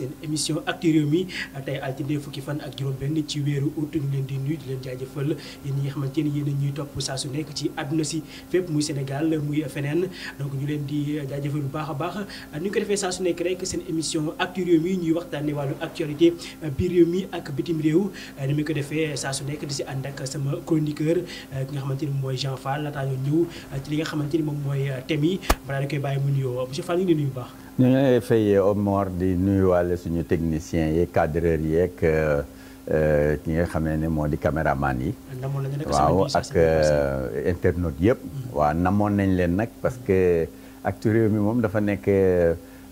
seen émission Actu Rewmi tey altine fukki fan ak juróom-benn ci weeru août ñu leen di nuyu di leen jaajëfal yéen ñi nga xamante ni yéen a ñuy topp saa su nekk ci àdduna si fépp muy Sénégal muy feneen donc ñu leen di jaajëfal bu baax a baax ni ko defee saa su nekk rek seen émission Actu Rewmi ñuy waxtaanee wàllu actualité biir réew mi ak bitim réew ko defee saa su nekk si ànd ak sama chroniqueur nga xamante ni mooy Jean Fall laataa ñëw ci li nga xamante ni moom mooy thème yi balaa da koy bàyyi mu nuyoo monsieur Fall ñu ngi leen nuyu bu baax ñu ngi lay fay Omar di nuyuwaale suñu techniciens yeeg cadreurs yeeg euh, euh, ki nga xamee ne moo di caméraman yi. Ah, waaw ak euh, internautes yëpp. Mm-hmm. waa namoon nañ leen nag parce que actu réew mi moom dafa nekk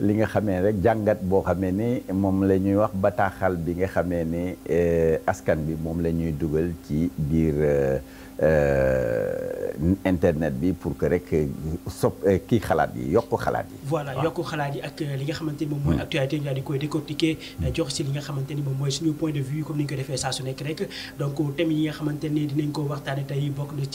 li nga xamee rek jàngat boo xamee ni moom la ñuy wax bataaxal bi nga xamee ne askan bi moom la ñuy dugal ci biir. Euh, internet bi pour que rek euh, sop euh, kii xalaat yi yokk xalaat yi. voilà yokk xalaat yi ak li nga xamante ni moom mooy hmm. actualité ñu daal di koy décortiquer hmm. jox si li nga xamante ni moom mooy suñu point de vue comme ni ñu ko defee xamante ni dinañ ko waxtaanee tey bokk na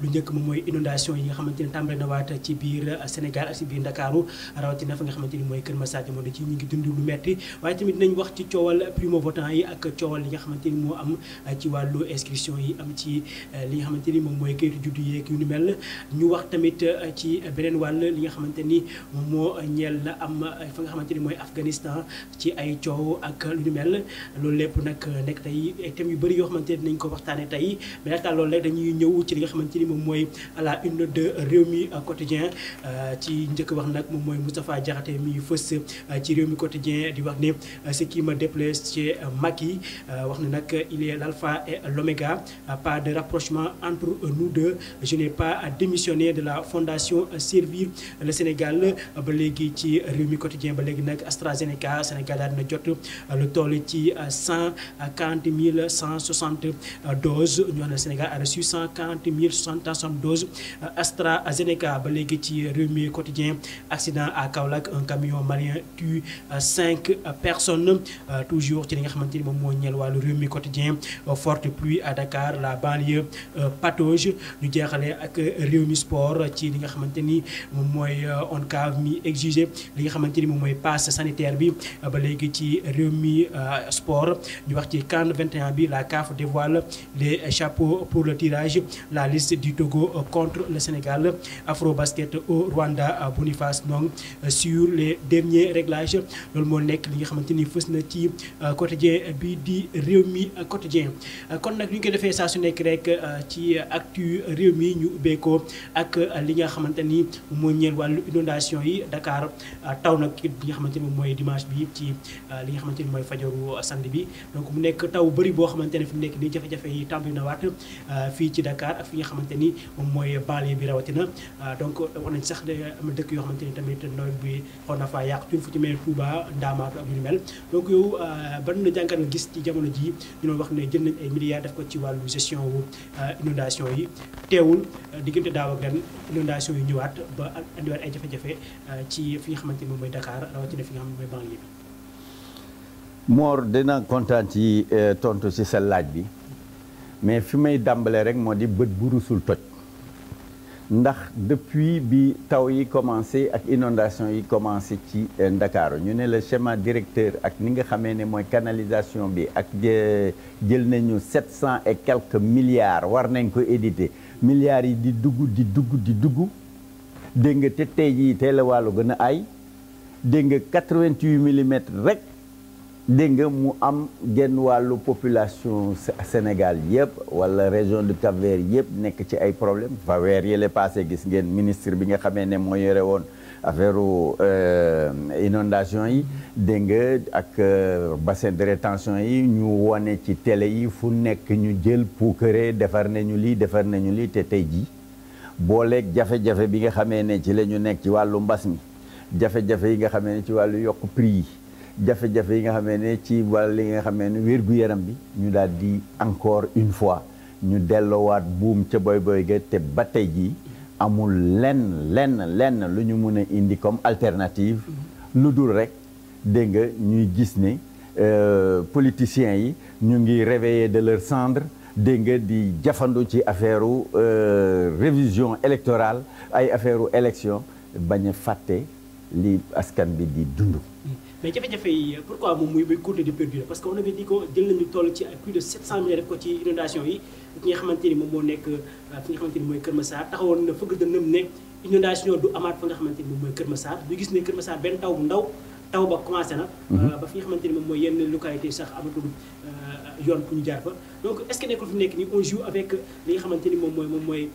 lu njëkk moom mooy inondation yi nga xamante ni tàmbale na waat ci biir Sénégal ak ci biir Ndakaaru rawatina fa nga xamante ni mooy Kër Massar jamono ji ñu ngi dund lu metti waaye tamit dinañ wax ci coowal primo votant yi ak coowal li nga xamante ni moo am ci wàllu inscription yi am ci li xamante ni moom mooy kayitu juddu yeeg yu ni mel ñu wax tamit euh, ci beneen wàll li nga xamante ni moom moo ñeel na am euh, fa nga xamante ni mooy Afghanistan ci ay coow ak lu ni mel loolu lépp nag euh, nekk tey ay yu bëri yoo xamante ni dinañ ko waxtaanee tey mais laata loolu rek ñëw ci li nga xamante ni moom mooy à la une de Rewmi Quotidien ci njëkk wax nag moom mooy Moustapha Diakhaté mi fës ci Rewmi Quotidien di wax ne ce qui me déplaît chez Macky wax ne nag il est l'alpha et l'oméga pas de rapprochement entre nous deux je n'ai pas démissionné de la fondation Servir le Sénégal ba léegi ci réew mi quotidien ba léegi nag AstraZeneca Sénégal jot lu toll ci cent quarante mille cent soixante doses ñu ne Sénégal a reçu cent quarante mille soixante doses AstraZeneca ba léegi ci réew mi quotidien accident à Kaolack un camion malien tue cinq personnes euh, toujours ci li nga xamante ni moom moo ñeel wàllu réew mi quotidien forte pluie à Dakar la banlieue euh, patauge ñu jeexalee ak réew mi sport ci li nga xamante ni moom mooy euh, ONCAV mi exigé li nga xamante ni moom mooy passe sanitaire bi euh, ba léegi ci réew mi euh, sport ñu wax ci CAN 21 bi la CAF dévoile les chapeaux pour le tirage la liste du Togo contre le Sénégal Afrobasket au Rwanda Boniface Ndong sur les derniers réglages loolu moo nekk li nga xamante ni fës na ci quotidien bi di réew mi quotidien kon nag ñu ngi defee saa su nekk rek ci actu réew mi ñu ubbeekoo ak li nga xamante ni moo ñeel wàllu inondation yi Dakar ah, taw nag li nga xamante ni mooy dimanche bi ci ah, li nga xamante ni mooy fajaru samedi bi donc mu nekk taw bëri boo xamante ne fi mu nekk nii jafe-jafe yi tàmbali na waat ah, fii ci Dakar ak fi nga xamante ni moom mooy banlieue bi rawatina donc wax nañ sax am dëkk yoo xamante ni tamit nawet bi xaw na faa yàq tuuti fu ci mel Touba Ndaamaatu ak ñu mel donc yow ban na jàngat nga gis ci jamono ji ñu doon wax ne jël nañ ay milliards def ko ci wàllu gestion inondation yi teewul euh, diggante daaw ak ren inondation yi ñëwaat ba andiwaat ay jafe-jafe euh, ci fi nga xamante ni moom mooy Dakar rawatina fi nga xam ne mooy banlieue bi. Mor dina kontaan ci euh, tontu ci sa laaj bi mais fi may dàmbale rek moo di bët bu toj. ndax depuis bi taw yi commencé ak inondation yi commencé ci euh, Ndakaaru ñu ne la schéma directeur ak ni nga xamee ne mooy canalisation bi ak euh, jël nañu sept cent et quelques milliards war nañ ko éditer milliards yi di dugg di dugg di dugg dégg nga te tey jii tey la wàllu gën a ay dégg nga 88 millimètres rek dégg nga mu am genn wàllu population Sénégal yëpp wala région de Cap-Vert yëpp nekk ci ay problème fa weer yële gis ngeen ministre bi nga xamee ne moo yore woon affaire euh, inondation yi dégg nga ak euh, bassin de rétention yi ñu wone ci télé yi fu nekk ñu jël puukare defar nañu lii defar nañu lii te tey jii booleeg jafe-jafe bi nga xamee ne ci la ñu nekk ci wàllu mbas mi jafe-jafe yi nga xamee ne ci wàllu yokk prix yi jafe-jafe yi nga xamee ne ci wàll li nga xamee ne wér yaram bi ñu daal di encore une fois ñu delloowaat buum ca boy boy ga te ba tey jii amul lenn lenn lenn lu ñu mun a indi comme alternative lu dul rek dégg nga ñuy gis ne euh, politiciens yi ñu ngi réveillé de leur cendre dégg nga di jafandu ci affaire u euh, révision électorale ay affaire u élection bañ a fàtte li askan bi di dund mais jafe-jafe yi pourquoi moom muy muy continuer de perdurer parce que on avait dit ko jël nañu toll ci moom moo nekk fi euh, nga xamante na fëgg dënnam ne inondation du amaat fa nga xamante ni moom mooy Kër Massar ne Kër Massar taw bu ndaw taw ba na mhm. euh, ba fi xamante ni moom mooy yenn localité sax amatul euh, yoon pour ñu jaar fa donc est fi nekk ni on joue nga xamante ni moom mooy moom mooy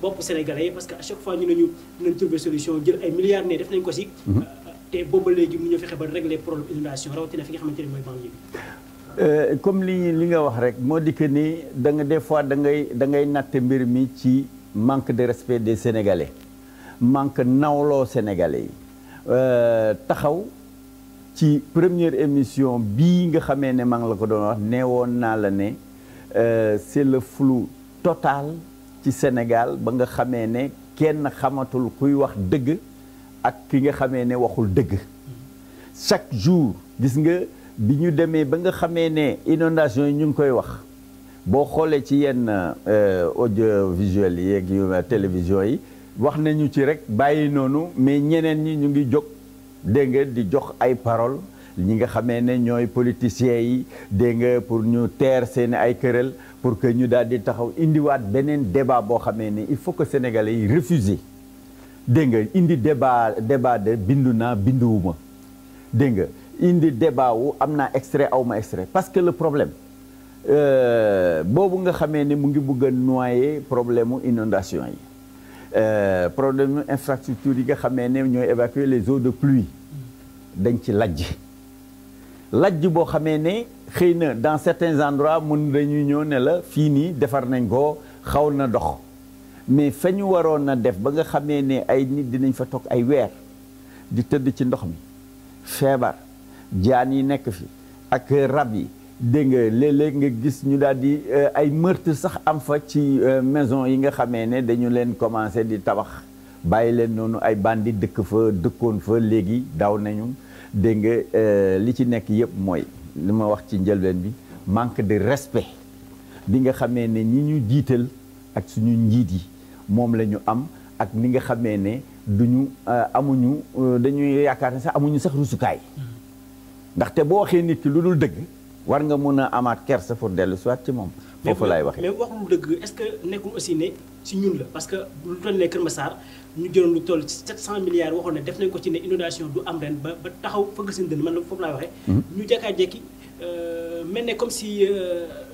bopp sénégalais parce que à fois ñu solution jël ay milliards ne def nañ ko si mhm. te booba léegi mu ñu fexe ba régler problème inondation rawatina fi nga xamante ne mooy banlieue euh, comme li li nga wax rek moo di que ni da nga fois da ngay da ngay mbir mi ci manque de respect de sénégalais manque nawloo sénégalais yi euh, taxaw. ci première émission bii nga xamee ne maa ngi la ko doon wax neewoon naa la ne euh, c'est le flu total ci Sénégal ba nga xamee ne kenn xamatul kuy wax dëgg ak ki nga xamee ne waxul dëgg chaque jour gis nga bi ñu demee ba nga xamee ne inondation yi ñu ngi koy wax boo xoolee ci yenn euh, audiovisuel yi yeeg yu yi wax nañu ci rek bàyyi noonu mais ñeneen ñi ñu ngi jóg dégg di jox ay parole ñi nga xamee ne ñooy politiciens yi dégg nga pour ñu teer seen ay këral pour que ñu daal di taxaw indiwaat beneen débat boo xamee ne il faut que sénégalais yi refuser dégg nga indi débat débat de bindu naa binduwuma dégg nga indi débat wu am naa extrait aw ma extrait parce que le problème euh, boobu nga xamee ni mu ngi bëgg a problème mu inondation yi euh, problème mu infrastructure yi nga xamee ne ñooy évacuer les eaux de pluie dañ ci lajj lajj boo xamee ne xëy na dans certains endroits mun dañuy ñëw ne la fii nii defar nañ ko xaw na dox mais fa ñu waroon a def ba nga xamee ne ay nit dinañ fa toog ay weer di tëdd ci ndox mi feebar jaan yi nekk fi ak rab yi dégg nga léeg nga gis ñu daal di euh, ay meurtre sax am fa ci euh, maison yi nga xamee ne dañu leen commencé di tabax bàyyi leen noonu ay bandi dëkk fa dëkkoon fa léegi daw nañu dégg nga euh, li ci nekk yëpp mooy li ma wax ci njëlbeen bi manque de respect bi nga xamee ne ñi ñu jiital ak suñu njiit yi moom la ñu am ak ni nga xamee ne duñu euh, amuñu euh, dañuy yaakaar ne sax amuñu sax rusukaay ndaxte boo waxee nit ki lu dul dëgg war nga mun a amaat kersa pour dellu soit ci moom. foofu laay waxee mais wax lu dëgg est-ce que nekkul aussi ne si ñun la parce que lu toll ne Kër Massar ñu jëloon lu toll ci cent milliards waxoon ne def nañ ko ci ne inondation du am ren ba taxaw fëgg seen dënn man foofu laay waxee. Mhm. ñu jekkaat jekki euh, mel ne comme si.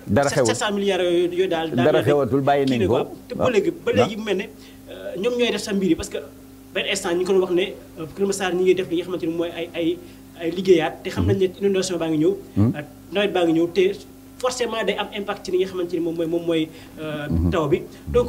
dara xew 700 milliards yooyu daal dara xewatul bàyyi nañ ko te ba léegi ba léegi mu mel ne euh, ñoom ñooy def sa mbir yi parce que benn instant ñu ngi ko doon wax ne euh, Kër Massar ñi ngi def li nga xamante ne mooy ay ay liggéeyaat te xam na ne inondation baa ngi ñëw hmm. euh, nawet baa ngi ñëw te forcément day am impact ci li nga xamante ni moom mooy moom mooy hmm. taw bi donc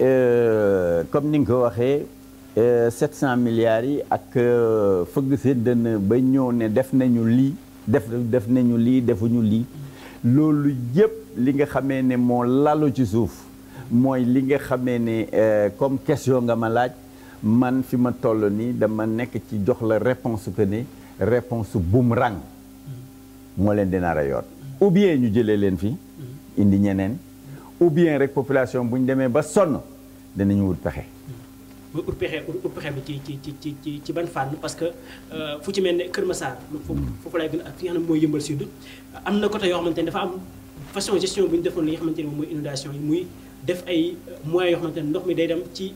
Euh, comme ni nga ko waxee 700 euh, milliards yi ak euh, fëgg si dënn ba ñëw ne def nañu lii def def nañu lii defuñu lii loolu yëpp li nga xamee ne moo lalu ci suuf mooy li nga xamee ne comme question nga ma laaj man fi ma toll nii dama nekk ci jox la réponse que ne réponse ràng moo leen dina rayoon ou bien ñu jëlee leen fi indi ñeneen ou bien rek population bu ñu demee ba sonn danañu wut pexe. muy ut pexe ut pexe bi ci ci ci ci ci ban fànn parce que euh, fu ci mel ne Kër Massar. foofu laay gën ak fi nga xam ne mooy yëmbal sud. am na côté yoo xamante ne dafa am façon gestion bu ñu defoon li nga xamante ne moom mooy inondation yi muy def ay euh, moyens yoo xamante ne ndox mi day dem ci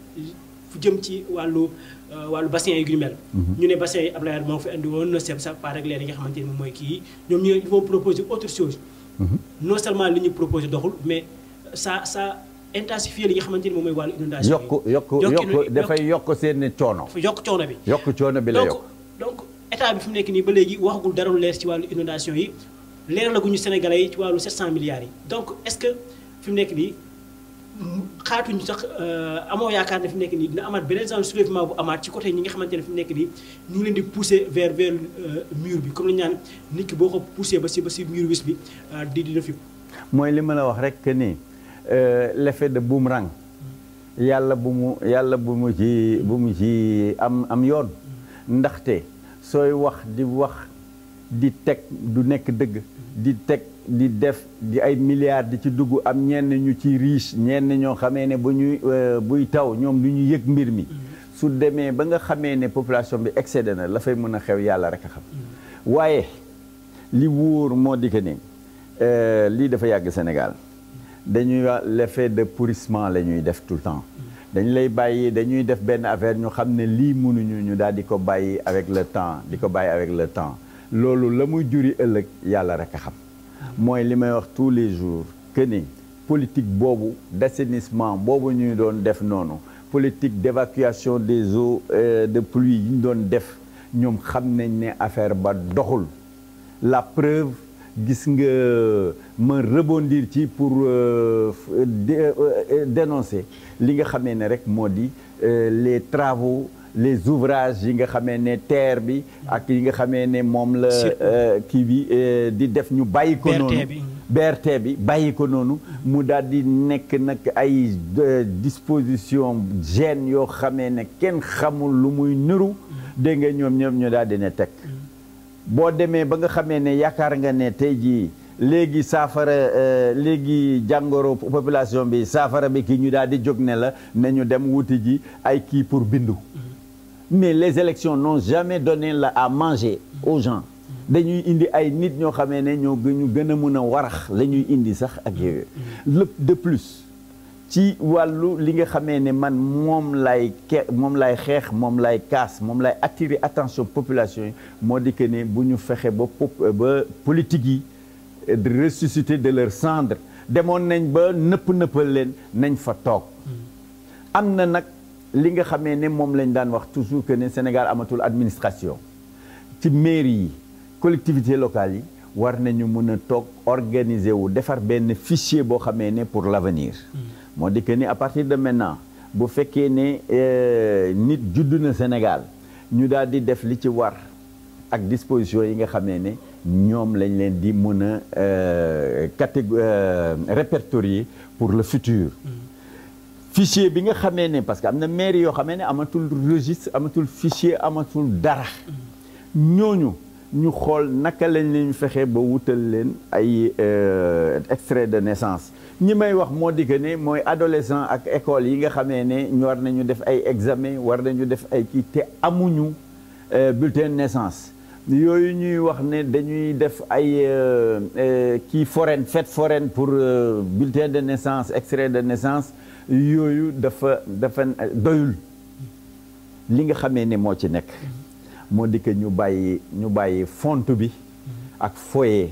fu jëm ci wàllu euh, wàllu bassin yi gu mhm. ñu ne bassin yi Abdoulaye sa part ak leen yi nga xamante moom mooy kii ñoom ñu vont proposer autre chose. Mhm. non seulement li ñu proposer doxul mais. ça ça intensifier li nga xamante ni moom mooy wàllu inondation yokk yokk yokk dafay yokk seen coono yokk coono bi yokk coono bi la yokk donc état bi fi nekk nii ba léegi waxagul dara lu leer ci wàllu inondation yi leeralaguñu sénégalais yi ci wàllu 700 milliards yi donc est-ce que fi mu nekk nii xaatuñu sax euh, amoo yaakaar ne fi mu nekk nii dina amaat beneen genre soulèvement bu amaat ci côté ñi nga xamante ne fi mu nekk nii ñu ngi leen di pousser vers vers euh, mur bi comme lañu naan nit ki boo ko poussé ba si ba si mur wis bi euh, di dina fi. mooy li ma la wax rek que Euh, l'effet de ràng yàlla bu mu yàlla bu mu ci bu mu ci am am yoon ndaxte sooy wax di wax di teg du nekk dëgg di teg di def di ay milliards di ci dugg am ñenn ñu ci riche ñenn ñoo xamee ne bu ñuy euh, buy taw ñoom du ñu yëg mbir mi su demee ba nga xamee ne population bi excédé na la fay mën a xew yàlla rek a xam waaye li wóor moo di que ne euh, lii dafa yàgg Sénégal dañuy wax l'effet de pourrissement la ñuy def tout temps dañ lay bàyyi dañuy def benn affaire ñu xam ne lii munuñu ñu daal di ko bàyyi avec le temps di ko bàyyi avec le temps loolu la muy juri ëllëg yàlla rek a xam mooy li may wax tous les jours que ni politique boobu d'assainissement boobu ñuy doon def noonu politique d'évacuation des eaux euh, de pluie yi ñu doon def ñoom xam nañ ne affaire ba doxul la preuve gis nga ma rebondir ci pour euh, euh, euh, dénoncer li nga xamee ne rek moo di les travaux les ouvrages yi nga xamee ne terre bi ak yi nga xamee ne moom la kii bi di def ñu bàyyi ko noonu BRT bi bàyyi ko noonu mu daal di nekk nag ay disposition gene yoo xamee ne kenn xamul lu muy nuru dégg nga ñoom ñoom ñu daal di ne teg mm. boo demee ba nga xamee ne yaakaar nga ne tey jii léegi saafara euh, léegi jàngoro population bi saafara bi kii ñu daal di jóg ne la na ñu dem wuti ji ay kii pour bindu mais les élections n'ont jamais donné la à manger aux gens dañuy indi ay nit ñoo xamee ne ñoo ñu gën a mën a warax la ñuy indi sax ak yooyu lépp de plus ci wàllu li nga xamee ne man moom lay ke moom lay xeex moom lay kaas moom lay attirer attention population yi moo di que ne bu ñu fexe ba ba politique yi de ressusciter de leur cendre demoon nañ ba nëpp nëppa leen nañ fa toog am na nag li nga xamee ne moom lañ daan wax toujours que ne Sénégal amatul administration ci mairie yi collectivité locale yi war nañu mën a toog organiser wu defar benn fichier boo xamee ne pour l'avenir mm. moo di que ni à partir de maintenant bu fekkee ne euh, nit juddu na Sénégal ñu daal di def li ci war ak disposition yi nga xamee ne ñoom lañ leen di mën a euh, catégorie euh, répertorier pour le futur. Mm. fichier bi nga xamee ne parce que am na mairie yoo xamee ne amatul registre amatul fichier amatul dara. Mm. ñooñu ñu xool naka lañ leen fexe ba wutal leen ay euh, extrait de naissance ñi may wax moo di que ne mooy adolescent ak école yi nga xamee ne ñu war nañu def ay examen war nañu def ay kii te amuñu bulletin de naissance. yooyu ñuy wax ne dañuy def ay euh, euh, kii foraine fet foraine pour euh, bulletin de naissance extrait de naissance yooyu dafa dafa doyul li nga xamee ne moo ci nekk moo di ñu bàyyi ñu bàyyi font bi ak foyer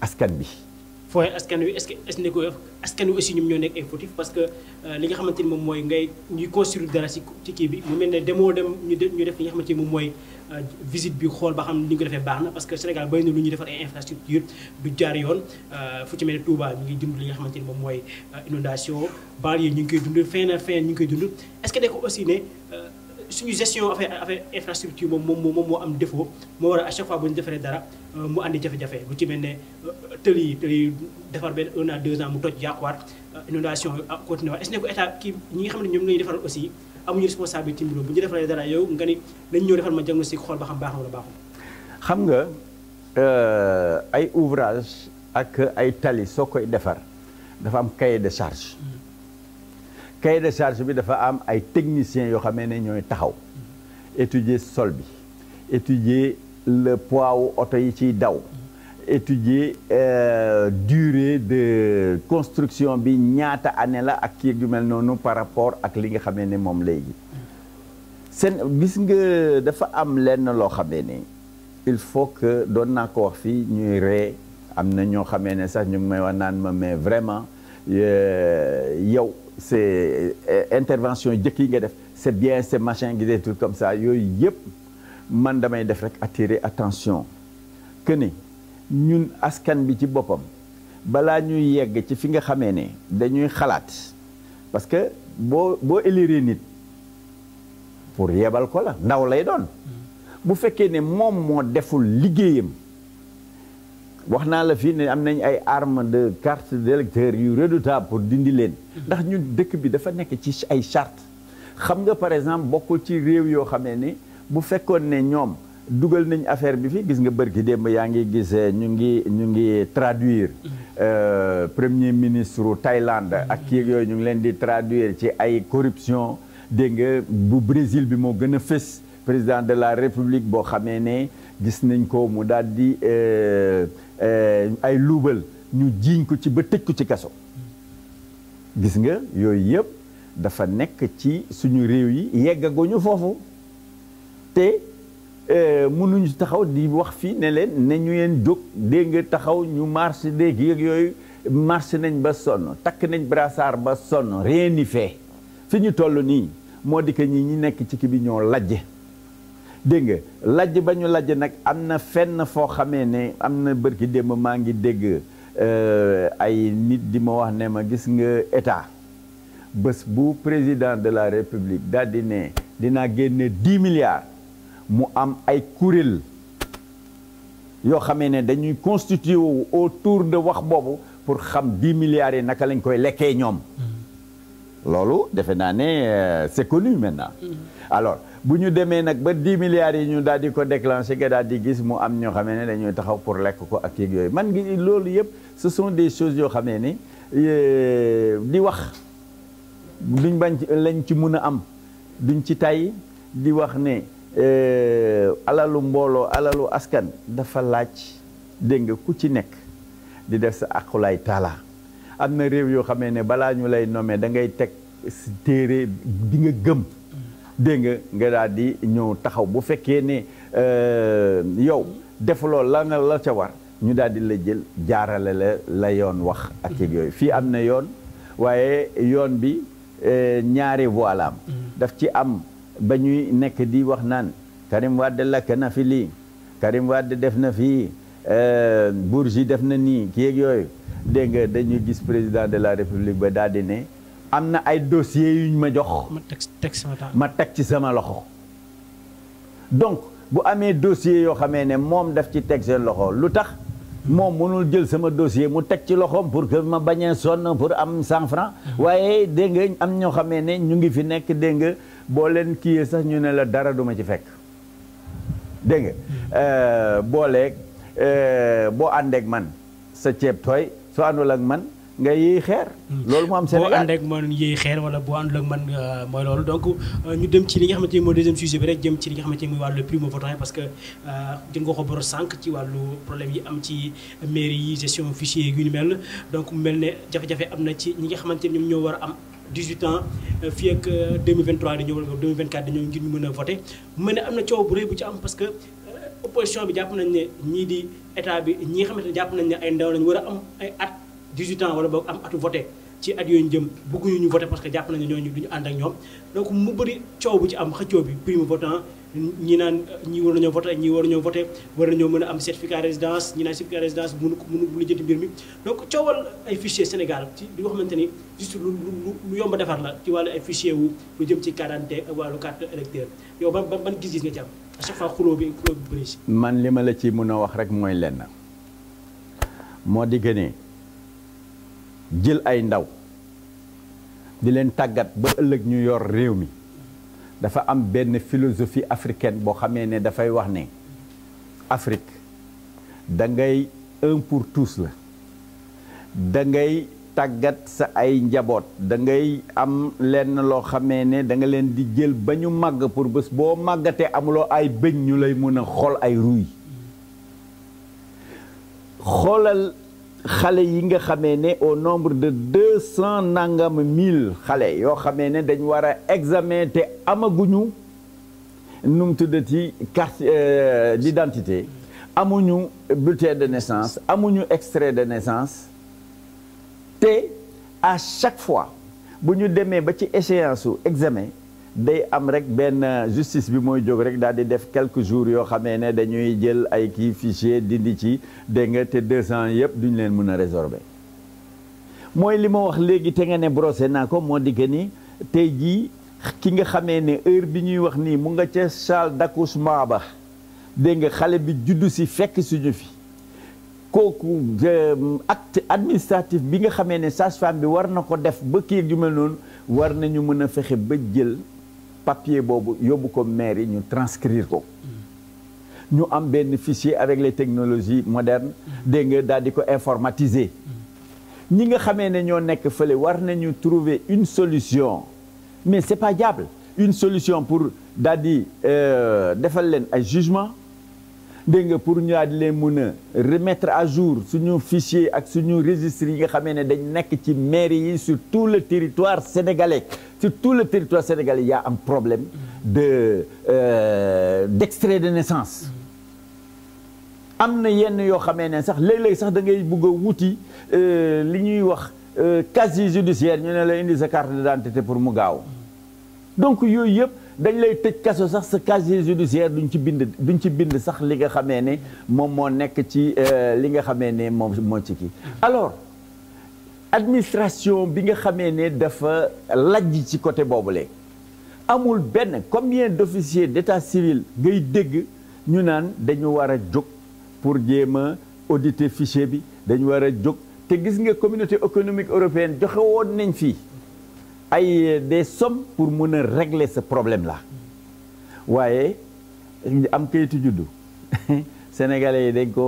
askan bi foyer askan wi est-ce que est-ce que askan wi aussi ñoom ñoo nekk ay fautif parce que li nga xamante ni moom mooy ngay ñuy construire dara ci ci kii bi mu mel ne demoo dem ñu def li nga xamante ni moom mooy Euh, visite bi xool ba xam ni ñu ko defee baax na parce que Sénégal bay na lu ñuy defar ay infrastructure du jaar yoon euh, fu ci mel ne Touba ñu ngi dund li xamante ni moom mooy euh, inondation banlieue ñu ngi koy dund fenn ak fenn ñu ngi koy dund est-ce que nekk aussi ne suñu gestion affaire affaire infrastructure moom moom moo am défaut moo war a à chaque fois bu ñu defaree dara mu andi jafe-jafe bu ci mel ne tël yi tël yi defar benn un deux ans mu toj yàquwaat inondation continué waat est-ce que ne ko état kii ñi nga xam ne ñoom la ñuy defaral aussi amuñu responsabilité mbirum bu ñu defalee dara yow nga ni nañ ñëw defal ma diagnostic xool ba xam baax na wala xam nga euh, ay ouvrage ak ay tali soo koy defar dafa am cahier de charge. Mm. cahier de charge bi dafa am ay techniciens yoo xamee ne ñooy taxaw. Mm. étudier sol bi étudier le poids wu oto yi ci daw. Mm. étudier euh, durée de construction bi ñaata année la ak kii yu mel noonu par rapport ak li nga xamee ni moom léegi seen gis nga dafa am lenn loo xamee ne il faut que doon naa ko wax fii ñuy ree am na ñoo xamee ne sax ñu ngi may wax naan ma mais vraiment euh, yow c'est euh, intervention jëkk yi nga def c'est bien c'est machin gi des comme ça yooyu yëpp man damay def rek attirer attention que ñun askan bi ci boppam balaa ñuy yegg ci fi nga xamee ne dañuy xalaat parce que boo boo éliree nit pour yebal ko la ndaw lay doon mm. bu fekkee ne moom moo deful liggéeyam wax naa la fii ne am nañ ay armes de carte d'électeur yu redoutable pour dindi leen mm-hmm. ndax ñun dëkk bi dafa nekk ci ay chart xam nga par exemple bokkul ci réew yoo xamee ne bu fekkoon ne ñoom dugal nañu affaire bi fi gis nga bërki démb yaa ngi gis ñu ngi ñu ngi traduire euh, premier ministre Thaïlande ak kii yooyu ñu ngi leen di traduire ci ay corruption dégg nga bu Brésil bi moo gën a fës président de la République boo xamee ne gis nañ ko mu daal di euh, euh, ay luubal ñu jiiñ ko ci ba tëj ko ci kaso gis nga yooyu yëpp dafa nekk ci suñu réew yi yeggaguñu foofu te Euh, mënuñu taxaw di wax fii ne leen ne ñu leen jóg dégg nga taxaw ñu marché dégg yooyu marché nañ ba sonn takk nañ brassard ba sonn rien ni fi ñu toll nii moo di que ñi ñu nekk ci kii bi ñoo lajj dégg nga lajj ba ñu lajj nag am na fenn foo xamee ne am na bërki démb maa ngi dégg euh, ay nit di ma wax ne ma gis nga état bës bu président de la république daal ne dinaa génne dix milliards mu am ay kuréel yoo xamee ne dañuy constitué wu autour de wax boobu pour xam dix milliards yi naka lañ koy lekkee ñoom mm-hmm. loolu defe naa ne euh, c'est connu maintenant mm-hmm. alors bu ñu demee nag ba dix milliards yi ñu daal di ko déclenché nga daal di gis mu am ñoo xamee ne dañuy taxaw pour lekk ko ak yeeg yooyu man ngi loolu yëpp ce sont des choses yoo xamee ni euh, di wax duñ bañ lañ ci mun a am duñ ci tàyyi di wax ne Eh, alalu mbooloo alalu askan dafa laaj dégg nga ku ci nekk di def sa aqulaay taala am na réew yoo xamee ne balaa ñu lay nommé da ngay teg téere dinga gëm dégg nga nga daal di ñëw taxaw bu fekkee ne eh, yow defuloo la nga la ca war ñu daal di la jël jaarale la la yoon wax ak yooyu fii am na yoon waaye yoon bi eh, ñaari voilam mm. daf ci am ba ñuy nekk di wax naan Karim Wade lakk na fi lii Karim Wade def na fii euh, yi def na nii kii ak yooyu dégg nga dañuy gis président de la république ba daal di ne am na ay dossiers yuñ ma jox. ma teg ci sama loxo. donc bu amee dossier yoo xamee ne moom def ci teg seen loxo lu tax moom mënul jël sama dossier mu teg ci loxoom pour que ma bañ a sonn pour am cent francs mmh. waaye dégg am ñoo xamee ne ñu ngi fi nekk dégg nga. boo leen kiiyee sax ñu ne la dara duma ci fekk dégg nga euh, booleeg euh, boo àndeek man sa ceeb tooy soo àndul ak man nga yéey xeer. Hmm. loolu moo am Sénégal boo ànd ak man yéey xeer wala boo àndul ak man euh, mooy loolu donc ñu dem ci li nga xamante ni mooy deuxième sujet bi rek jëm ci li nga xamante ni muy wàllu primo votant parce que di nga ko boros sànq ci wàllu problème yi am ci mairie yi gestion fichier yu ni mel donc mu mel ne jafe-jafe am na ci ñi nga xamante ni ñoom ñoo war a am. 18 ans euh, fii ak 2023 euh, dañoo wala 2024 dañoo ngir ñu mën a voté mu mel ne am na coow bu rëy bu ci am parce que euh, opposition bi jàpp nañ ne ñii di état bi ñi nga xamante ne jàpp nañ ne ay ndaw lañ war a am ay at 18 ans wala boog am atu voté ci at yooyu ñu jëm bëgguñu ñu voté parce que jàpp nañ ne ñu du ñu ànd ak ñoom donc mu bëri coow bu ci am xëccoo bi primo votant ñi naan ñi war nañoo voté ak ñi war nañoo voté war nañoo mën a am certificat résidence ñi naan certificat résidence mënu ko mënu lijjanti mbir mi donc coowal ay fichier Sénégal ci li nga ni juste lu lu yomb defar la ci wàllu ay fichier wu lu jëm ci carte d'identité ak wàllu carte électeur yow ban ban gis-gis nga ci am à chaque bi xuloo bi bëri si man li ma la ci mën a wax rek mooy lenn moo di gënee jël ay ndaw di leen tàggat ba ëllëg ñu yor réew mi dafa am benn philosophie africaine boo xamee ne dafay wax ne Afrique dangay ngay pour tous la da ngay tàggat sa ay njaboot dangay am lenn loo xamee ne danga leen di jël ba ñu màgg pour bés boo màggatee amuloo ay bëñ ñu lay mën a xool ay ruy xoolal xale yi nga xamee ne au nombre de deux cent nangam mille xale yoo xamee ne dañ war a examen te amaguñu nu mu tuddati carte euh, d'identité amuñu bulletin de naissance amuñu extrait de naissance te a chaque fois bu ñu demee ba ci échéance su examen day am rek benn euh, justice bi mooy jóg rek daal di def quelque jours yoo xamee ne dañuy jël ay kii fichier dindi ci dégg nga te deux ans yëpp duñ leen mën a résorber mooy li ma wax léegi te nga ne brossé naa ko moo di que tey jii ki nga xamee ne heure bi ñuy wax nii mu nga ca salle d'accouchement ba dénga xale bi juddu si fekk suñu fi kooku euh, acte administratif bi nga xamee ne sage-femme bi war na ko def ba kii ju mel noonu war nañu mën a fexe ba jël. papier boobu yóbbu ko mairie ñu transcrire ko ñu am benn fichier avec les technologies modernes dégg nga daal di ko informatiser ñi nga xamee ne ñoo nekk fële war nañu trouver une solution mais c'est pas viable une solution pour daal di euh, defal leen ay jugement dégg nga pour ñu daal mun a remettre à jour suñu fichier ak suñu registre yi nga xamee ne dañ nekk ci mairie yi sur tout le territoire sénégalais sur tout le territoire sénégalais yaa am problème de euh, d'extrait de naissance am na yenn yoo xamee ne sax léeg-léeg sax da ngay bugg a wuti euh, li ñuy wax euh, casier judiciaire ñu ne la indi sa carte d'identité pour mu gaaw donc yooyu yëpp dañ lay tëj kaso sax sa casier judiciaire duñ ci bind duñ ci bind sax li nga xamee ne moom moo nekk ci euh, li nga xamee ne moom moo ci kii alors administration bi nga xamee ne dafa lajj ci côté boobu boobule amul benn combien d'officiers d'état civil ngay dégg ñu naan dañu war a jóg pour jéem a auditer fichier bi dañu war a jóg te gis nga communauté économique européenne joxe woon nañ fii ay des sommes pour mën a régler ce problème la waaye am kayitu juddu sénégalais yi dañ ko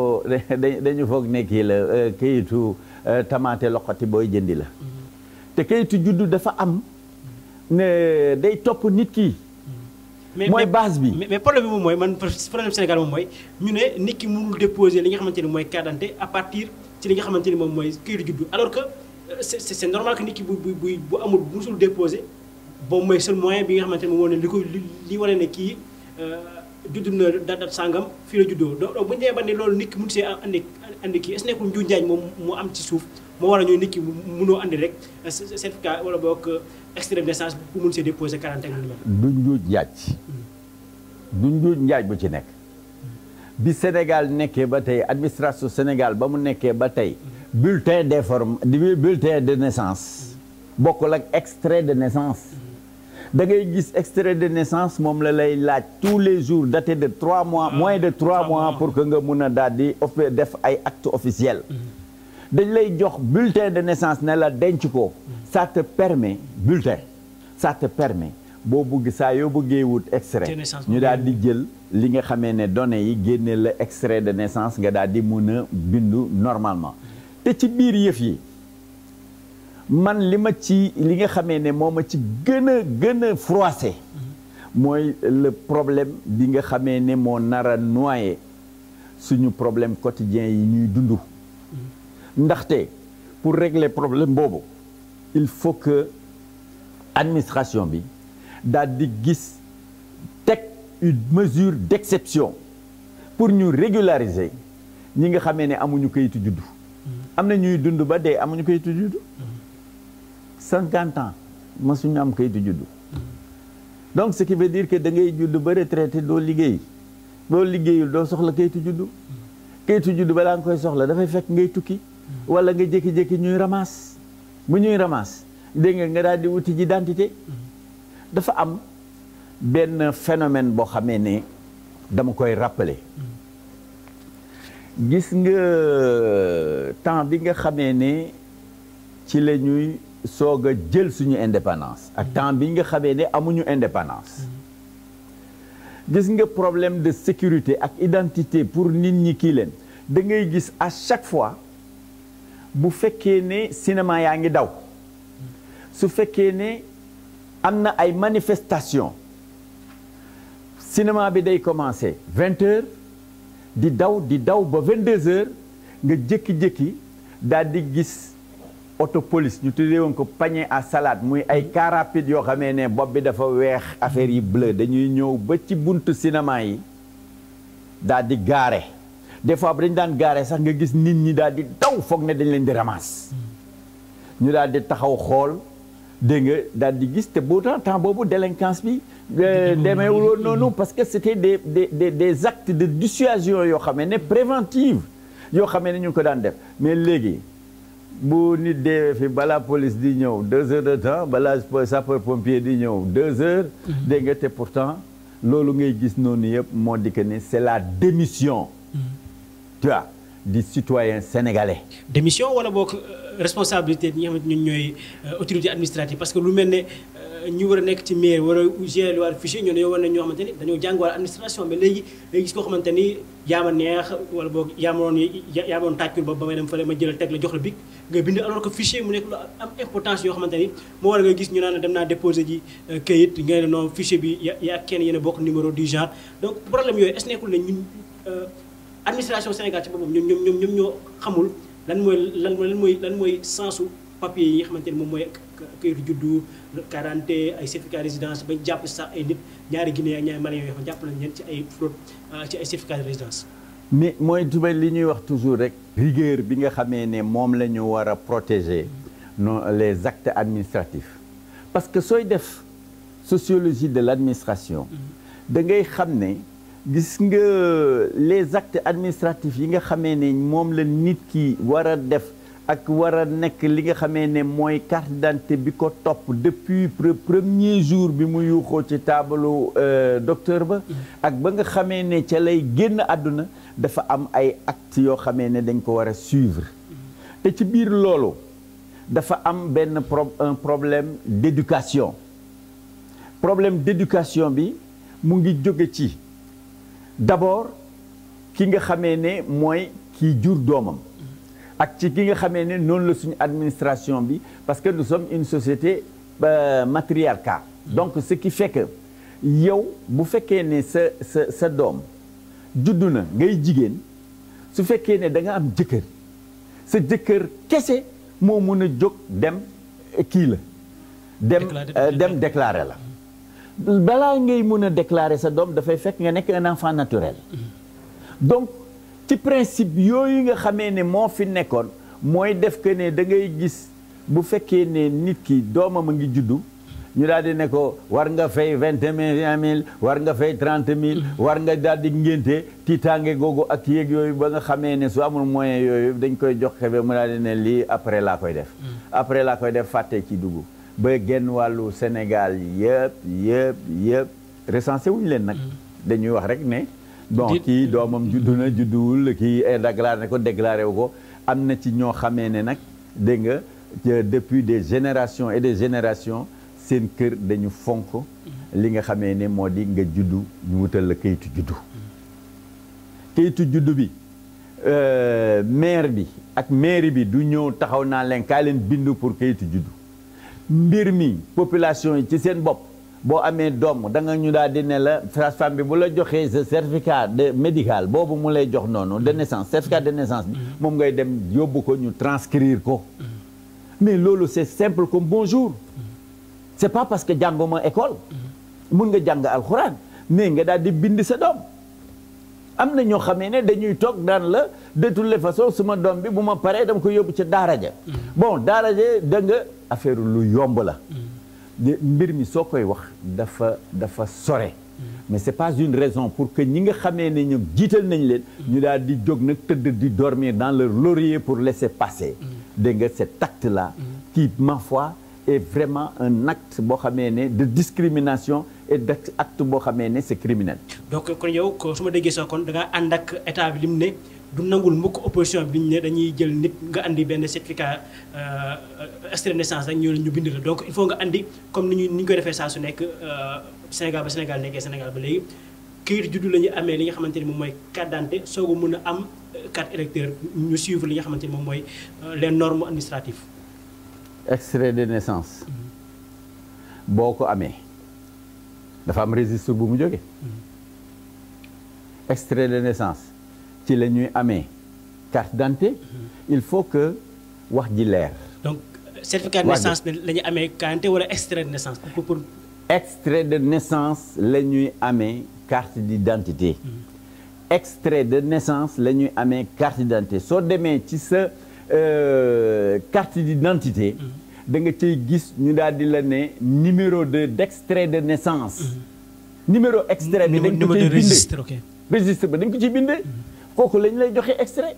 dañu foog ne kii la kayitu euh, tamaate loxoti booy jëndi la te kayitu juddu dafa am ne day topp nit kii mooy base bi mais problème bi moom mooy man problème Sénégal moom mooy ñu ne nit ki mu déposer li nga xamante ni mooy carte d'identité partir ci li nga xamante ni moom mooy kayitu juddu alors que se c'est normal que nit ki bu bu bu amul bu musul déposé boobu mooy seul moyen bi nga xamante ne moom moo li ko li wane ne kii euh, judd na dat sàngam fii la juddoo donc bu ñu ba ne loolu nikki mun mënut see andi andi kii est-ce que nekkul njuuj njaaj moom moo am ci suuf moo war a ñëw nit ki mënoo andi rek certificat wala boog euh, extrait de naissance bu mun see déposé quarante mille du njuuj njaaj hmm. du njuuj njaaj bu ci nekk hmm. bi Sénégal nekkee ba tey administration Sénégal ba mu nekkee ba tey hmm. bulletin d'information bulletin de naissance bokkul ak extrait de naissance da ngay gis extrait de naissance moom la lay laaj tous les jours daté de trois mois ah, mois de trois mois pour que nga mun a daal di def ay acte officiel dañ lay jox bulletin de naissance ne la denc ko ça te permet bulletin ça te permet boo bëgg saa yoo bëggee wut extrait ñu daal di jël li nga xamee ne données yi génne la extrait de naissance nga daal di mun a bindu normalement te ci biir yëf yi man li ma ci li nga xamee ne moo ma ci gën a gën a mooy le problème bi nga xamee ne moo nara a suñu problème quotidien yi ñuy dund ndaxte pour régler problème boobu il faut que administration bi daal di gis teg une mesure d'exception pour ñu régulariser ñi nga xamee ne amuñu kayitu juddu am na ñuy dund ba dee amuñu kayitu juddu cinquante ans masuñu am kayitu juddu donc ce qui veut dire que da ngay judd ba retraité doo liggéey doo liggéeyul doo soxla kayitu juddu kayitu juddu balaa nga koy soxla dafay fekk ngay tukki wala nga jékki-jékki ñuy ramas bu ñuy ramas dégg nga nga daal di wuti ji identité dafa am benn phénomène boo xamee ni dama koy rappeler gis nga euh, temps bi nga xamee ni ci la ñuy soog a jël suñu indépendance ak temps bi nga xamee ne amuñu indépendance gis nga problème de sécurité ak identité pour nit ñi kii leen dangay gis à chaque fois bu fekkee ne cinéma yaa ngi daw su fekkee ne am na ay manifestation cinéma bi day commencer vingt di daw di daw ba 22 heures nga jëkki jékki daal di gis auto police ñu tuddee woon ko pañe à salade muy ay car rapide yoo xamee ne bopp bi dafa weex affaire yi bleu dañuy ñëw ba ci bunt cinéma yi daal di gaare des fois dañ daan gaare sax nga gis nit ñi daal di daw foog ne dañ leen di ramas ñu daal di taxaw xool dégg nga daal di gis te bu temps boobu délinquance bi demeewul woon noonu parce que c' des des des des actes de dissuasion yoo xam ne préventive yoo xam ne ñu ngi ko daan def mais léegi bu nit deewee fi balaa police di ñëw deux heures de temps balaa sapeur pompier di ñëw deux heures. Mm-hmm. dégg nga te pourtant loolu ngay gis noonu yëpp moo di que ni c' la démission. Mm-hmm. tu vois du citoyen sénégalais. démission wala boog euh, responsabilité ñi nga xamante ñu ñooy euh, autorité administrative parce que lu mel ne ñu war a nekk ci mairie war a gérer lu war fichier ñoo dañoo war ne ñoo xamante ni dañoo jàng wàllu administration mais léegi léegi gis koo xamante ni neex wala boog yaamaroon yaamaroon tàccul ba ba may dem fële ma jël teg la jox la bi nga bind mu nekk lu am importance yoo moo war a nga gis ñu naan dem naa déposé ji euh, kayit nga ne non fichier bi yaa kenn yéen a bokk numéro du genre donc problème yooyu est-ce nekkul ne ñun euh, administration Sénégal ci boppam ñoom ñoom ñoom ñoo xamul lan mooy lan lan mooy lan mooy sensu papier yi nga xamante ni moom mooy kayitu juddu quarante ay certificat résidence bañ jàpp sax ay nit ñaari Guinée ak ñaari Mali yoo xam jàpp nañ ci ay fraude ah, ci ay certificat de résidence ni mooy tuba li ñuy wax toujours rek rigueur bi nga xamee ne moom la ñu war a protéger non les actes administratifs parce que sooy def sociologie de l'administration mm-hmm. da ngay xam ne gis nga les actes administratifs yi nga xamee ne moom la nit ki war a def ak war a nekk li nga xamee ne mooy carte d'identité bi ko topp depuis premier jour bi mu yuuxoo ci taabalu euh, docteur ba ak ba nga xamee ne ca lay génn àdduna dafa am ay actes yoo xamee ne dañ ko war a suivre te ci biir loolu dafa am benn pro un problème d'éducation problème d'éducation bi mu ngi jóge ci d'abord ki nga xamee ne mooy kii jur doomam ak ci ki nga xamee ne noonu la suñu administration bi parce que nous sommes une société euh, matriarcale donc ce qui fait que yow bu fekkee ne sa sa sa doom juddu na ngay jigéen su fekkee ne da nga am jëkkër sa jëkkër kese moo mun a jóg dem euh, kii la dem euh, dem déclarer la balaa ngay mun a déclarer sa doom dafay fekk nga nekk un enfant naturel mm-hmm. donc ci principe yooyu nga xamee ne moo fi nekkoon mooy def que ne da ngay gis bu fekkee ne nit ki doomam a ngi juddu ñu daal di ne ko war nga fay vingt et un mille war nga fay trente mille war nga daal ngénte tiitaange googu ak yéeg yooyu ba nga xamee ne su amul moyen yooyu dañ koy jox xebe mu daal di ne lii après laa koy def mm. après laa koy def fàtte ci dugub ba genn wàllu Sénégal yëpp yëpp yëpp recensé wuñu leen nag mm. dañuy wax rek ne bon kii doomam juddu na judduwul kii eh, déclaré na ko déclaré wu ko am na ci ñoo xamee ne nag dégg nga depuis des générations et des générations seen kër dañu fonk li nga xamee ne moo di nga juddu ñu wutal la kayitu juddu kayitu juddu bi euh, maire bi ak mairie bi du ñëw taxaw naa leen kaa leen bindu pour kayitu juddu mbir mi population yi ci seen bopp boo amee doom da nga ñu daal di ne la sage-femme bi bu la joxee sa certificat de médical boobu mu lay jox noonu de naissance certificat de naissance bi moom ngay dem yóbbu ko ñu transcrire ko mais loolu c'est simple comme bonjour c'est pas parce que jànguma école mun nga jàng alxuraan mais nga daal di bind sa doom am na ñoo xamee ne dañuy toog daan la de toutes les façons suma doom bi bu ma paree dama ko yóbbu ca daara ja bon daara ja da nga affaire lu yomb la mbir mi soo koy wax dafa dafa sore mais c'est pas une raison pour que ñi nga xamee ne ñoom jiital nañ leen ñu daal di jóg nag tëdd di dormir dans leur laurier pour laisser passer dégg nga cet acte la qui ma foi est vraiment un acte boo xamee ne de discrimination et d'acte boo xamee ne c'est criminel donc kon yow su ma déggee sax kon da ànd ak état bi li mu ne du nangul mukk opposition bi ñu ne dañuy jël nit nga indi benn certificat euh, extrait de naissance rek ñu bind la donc il faut nga indi comme ni ñu ni ñu koy defee saa su nekk euh, Sénégal ba Sénégal nekkee Sénégal ba léegi këyit juddu la ñu amee li nga xamante ni moom mooy carte d'identité soog a mën a am euh, carte électeur ñu suivre li nga xamante ni moom mooy les norme administratives. extrait de naissance. Mm-hmm. boo ko amee dafa am registre bu mu jógee. Mm-hmm. extrait de naissance. ci la ñuy amee carte d'identité mhm. il faut que wax ji leer. donc certificat de la ñuy amee carte wala extrait de naissance pour pour. extrait de naissance la ñuy amee carte d'identité. Mhm. extrait de naissance la ñuy amee carte d'identité soo demee ci sa euh, carte d'identité. Mhm. da nga cay gis ñu daal di la ne numéro de d'extrait de naissance. numéro extrait bi dañ ko bindee. kooku lañ lay joxe extrait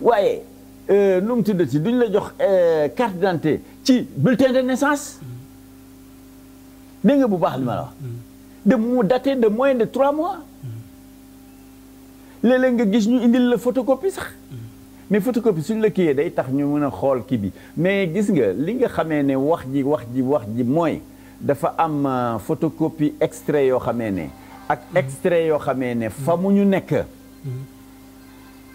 waaye euh, nu mu tuddati duñ la jox euh, carte d'identité ci bulletin de naissance dégg nga bu baax li ma la wax de mu daté de moins de trois mois léeg-léeg nga gis ñu indil la photocopie sax mais photocopie suñ la kiyee day tax ñu mën a xool kii bi mais gis nga li nga xamee ne wax ji wax ji wax ji mooy dafa am euh, photocopie extrait yoo xamee ne ak extrait yoo xamee ne fa mu ñu nekk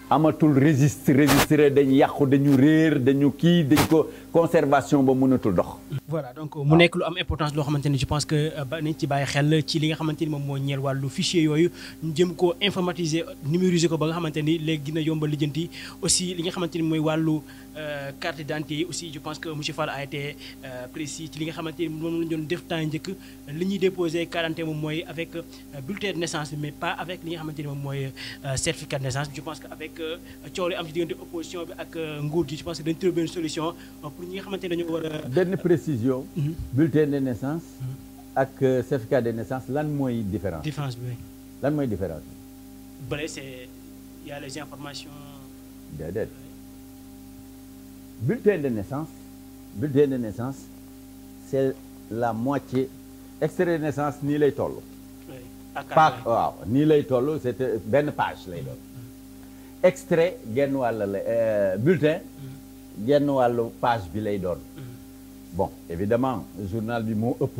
amatul résister résister dañu yàqu dañu réer dañu kii dañ ko conservation ba munatul dox. voilà donc mu nekk lu am importance loo xamante ni je pense que euh, ba nañ ci bàyyi xel ci li nga xamante ni moom moo ñeer wàllu fichier yooyu ñu jëm ko informatiser numériser ko ba nga xamante ni léegi dina yomba lijjanti aussi li nga xamante ni mooy wàllu. Euh, carte d'identité yi aussi je pense que monsieur Fall a été euh, précis ci li nga xamante ni moom la doon def temps njëkk li ñuy déposé quarante moom mooy avec euh, bulletin de naissance mais pas avec li nga xamante ni moom mooy certificat de naissance je pense que avec coow li am ci diggante opposition bi ak nguur gi je pense que dañu trouvé solution pour ñi nga xamante ne dañoo war a. benn précision. Mhm. bulletin de naissance. Mhm. ak certificat de naissance lan mooy différence. différence bi lan mooy différence bulletin de naissance bulletin de naissance c'est la moitié extrait de naissance nii lay toll paak waaw nii lay toll c'est euh, benn page lay doon mm-hmm. extrait genn wàll la euh, bulletin mm-hmm. genn wàllu page bi lay doon mm-hmm. bon évidemment journal bi moo ëpp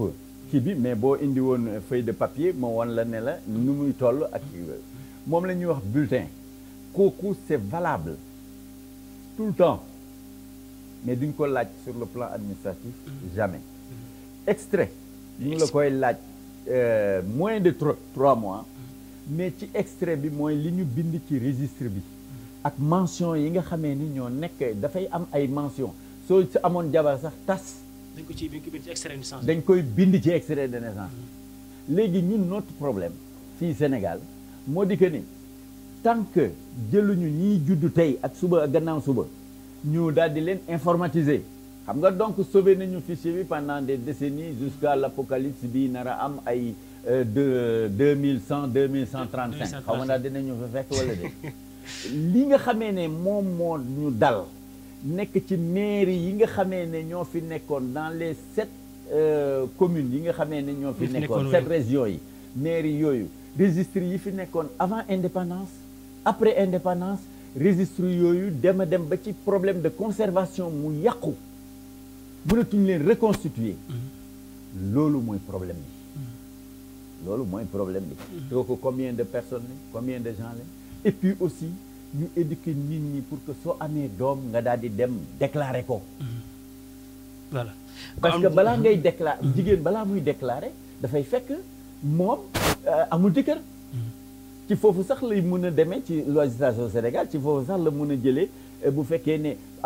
kii bi mais boo indi woon feuille de papier moo woon la ne la nu muy toll ak moom la ñuy wax bulletin kooku c'est valable tout le temps mais duñ ko laaj sur le plan administratif mm-hmm. jamais mm-hmm. extrait ñu ngi la koy laaj euh, moins de trois mois mm-hmm. mais ci extrait bi mooy li ñu bind ci registre bi ak mention yi nga xamee ni ñoo nekk dafay am ay mention soo si amoon jabar sax tas dañ ko ci extrait de naissance dañ koy bind ci extrait de naissance léegi ñun notre problème fii Sénégal moo di que ni tant que jëluñu ñiy juddu tey ak suba ak gannaaw suba ñu daal di leen informatiser xam nga donc sauver nañu fichier bi pendant des décennies jusqu'à l'apocalypse bi nar a am ay euh, de deux mille cent deux mille cent trente cinq xaw ma daal dinañu fa fekk wala de li nga xamee ne moom moo ñu dal nekk ci mairie yi nga xamee ne ñoo fi nekkoon dans les sept euh, communes yi nga xamee ne ñoo fi nekkoon sept régions yi mairie yooyu registre yi fi nekkoon avant indépendance après indépendance registre yooyu dem a dem ba ci problème de conservation mu yàqu mënatuñ leen reconstituer loolu mooy problème bi loolu mooy problème bi ko mm-hmm. combien de personnes lañ combien de gens lañ et puis aussi ñu éduquer nit ñi pour que soo amee doom nga daal di dem déclarer ko mm-hmm. voilà parce que balaa ngay déclarer mm-hmm. jigéen balaa muy déclarer dafay fekk moom euh, amul jëkkër ci foofu sax lay mën a demee ci législation Sénégal ci foofu sax la mën a jëlee eh, bu fekkee ne